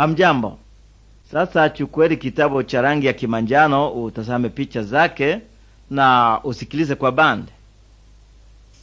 Hamjambo. Sasa chukweli kitabu cha rangi ya kimanjano, utazame picha zake na usikilize kwa bande.